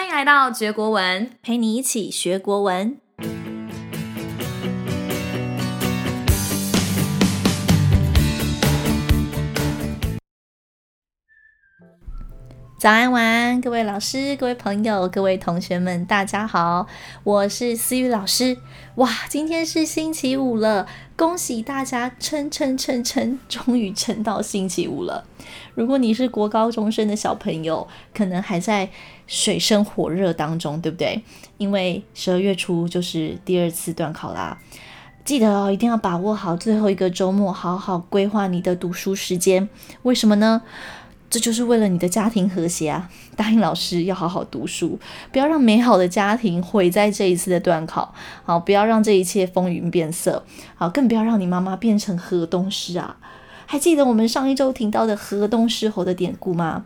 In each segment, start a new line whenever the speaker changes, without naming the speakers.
歡迎來到嚼國文，陪你一起學國文。早安，晚安，各位老師，各位朋友，各位同學們，大家好，我是思雨老師。哇，今天是星期五了，恭喜大家，撐撐撐撐，終於撐到星期五了。如果你是國高中生的小朋友，可能還在水深火熱當中，對不對？因為十二月初就是第二次段考啦，記得哦，一定要把握好最後一個周末，好好規劃你的讀書時間。為什麼呢？這就是為了你的家庭和諧啊！答應老師要好好讀書，不要讓美好的家庭毀在這一次的段考。好、哦，不要讓這一切風雲變色。好、哦，更不要讓你媽媽變成河東獅啊！還記得我們上一周聽到的河東獅吼的典故嗎？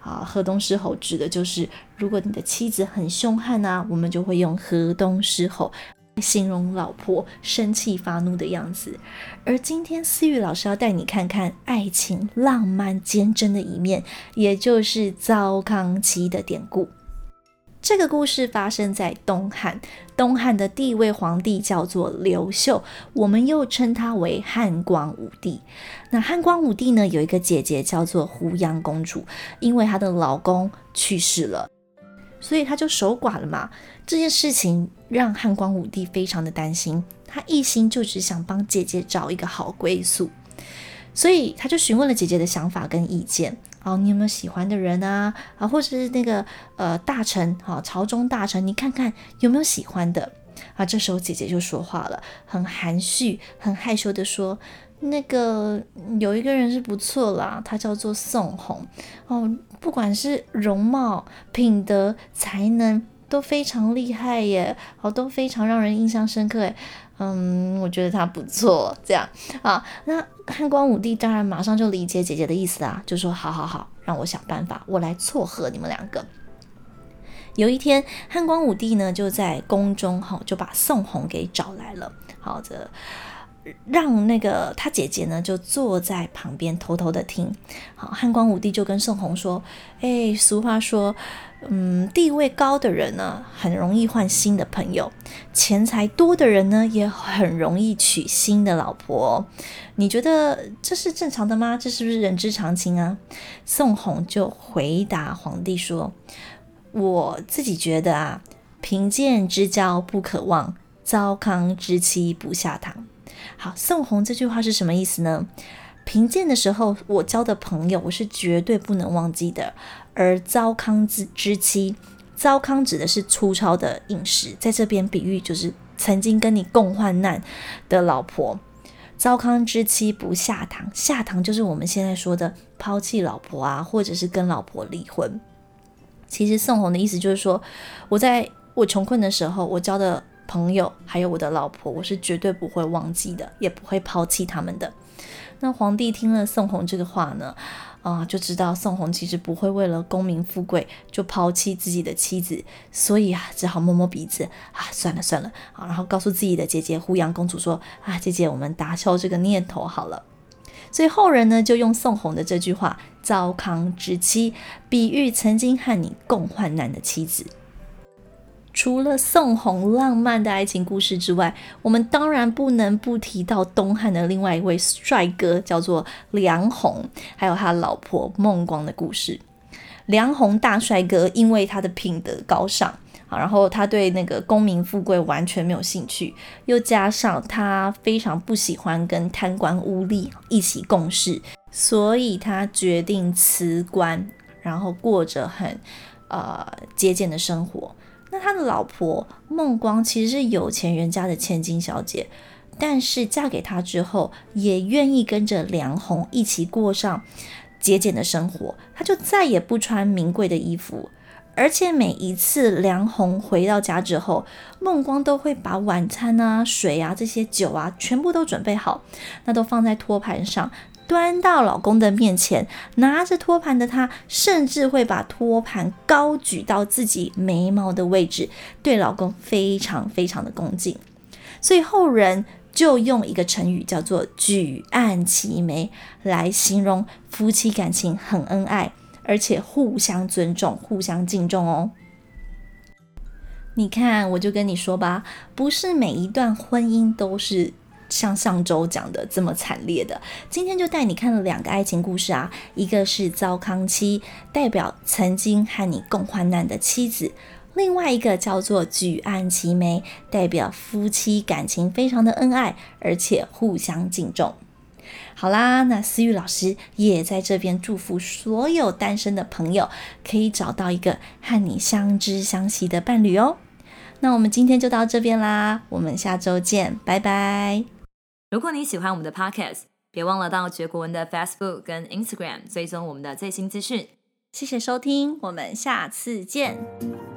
啊，河東獅吼指的就是如果你的妻子很凶悍呢、啊，我們就會用河東獅吼。形容老婆生氣發怒的樣子，而今天思予老師要帶你看看愛情浪漫堅貞的一面，也就是糟糠妻的典故。這個故事發生在東漢，東漢的第一位皇帝叫做劉秀，我們又稱他為漢光武帝。那漢光武帝呢，有一個姐姐叫做胡楊公主，因為她的老公去世了。所以他就守寡了嘛，這件事情讓漢光武帝非常的擔心，他一心就只想幫姐姐找一個好歸宿，所以他就詢問了姐姐的想法跟意見，好、哦，你有沒有喜歡的人啊？啊，或者是那個呃大臣哈、啊，朝中大臣，你看看有沒有喜歡的？啊，這時候姐姐就說話了，很含蓄、很害羞地說。那個有一個人是不錯啦，他叫做宋弘。哦，不管是容貌、品德、才能都非常厲害耶，好、哦、都非常讓人印象深刻耶，嗯，我覺得他不錯，這樣啊。那漢光武帝當然馬上就理解姐姐的意思啊，就說好好好，讓我想辦法，我來撮合你們兩個。有一天，漢光武帝呢就在宮中吼、哦，就把宋弘給找來了，好的。讓那個他姐姐呢，就坐在旁邊偷偷的聽。好，漢光武帝就跟宋弘說：“誒，俗話說，嗯，地位高的人呢、啊，很容易換新的朋友；錢財多的人呢，也很容易娶新的老婆、哦。你覺得這是正常的嗎？這是不是人之常情啊？”宋弘就回答皇帝說：“我自己覺得啊，貧賤之交不可忘，糟糠之妻不下堂。”好，宋弘這句話是什麼意思呢？貧賤的時候，我交的朋友，我是絕對不能忘記的。而糟糠之妻，糟糠指的是粗糙的飲食，在這邊比喻就是曾經跟你共患難的老婆。糟糠之妻不下堂，下堂就是我們現在說的拋棄老婆啊，或者是跟老婆離婚。其實宋弘的意思就是說，我在我窮困的時候，我交的。朋友，還有我的老婆，我是絕對不會忘記的，也不會拋棄他們的。那皇帝聽了宋弘這個話呢，啊，就知道宋弘其實不會為了功名富貴就拋棄自己的妻子，所以啊，只好摸摸鼻子啊，算了算了啊，然後告訴自己的姐姐湖陽公主說啊，姐姐，我們打消這個念頭好了。所以後人呢，就用宋弘的這句話“糟糠之妻”比喻曾經和你共患難的妻子。除了宋弘浪漫的愛情故事之外，我們當然不能不提到東漢的另外一位帥哥，叫做梁鴻，還有他老婆孟光的故事。梁鴻大帥哥因為他的品德高尚，啊，然後他對那個功名富貴完全沒有興趣，又加上他非常不喜歡跟貪官污吏一起共事，所以他決定辭官，然後過着很呃節儉的生活。那他的老婆孟光其實是有錢人家的千金小姐，但是嫁給他之後，也願意跟着梁鴻一起過上節儉的生活。他就再也不穿名貴的衣服，而且每一次梁鴻回到家之後，孟光都會把晚餐啊、水啊、這些酒啊全部都準備好，那都放在托盤上。端到老公的面前，拿着托盤的她，甚至會把托盤高舉到自己眉毛的位置，對老公非常非常的恭敬。所以後人就用一個成語叫做“舉案齊眉”來形容夫妻感情很恩愛，而且互相尊重、互相敬重哦。你看，我就跟你說吧，不是每一段婚姻都是。像上週講的這麼慘烈的，今天就帶你看了兩個愛情故事啊，一個是糟糠妻，代表曾經和你共患難的妻子；另外一個叫做舉案齊眉，代表夫妻感情非常的恩愛，而且互相敬重。好啦，那思予老師也在這邊祝福所有單身的朋友可以找到一個和你相知相惜的伴侶哦。那我們今天就到這邊啦，我們下週見，拜拜。如果你喜歡我們的 podcast，別忘了到覺國文的 Facebook 跟 Instagram 追蹤我們的最新資訊。謝謝收聽，我們下次見。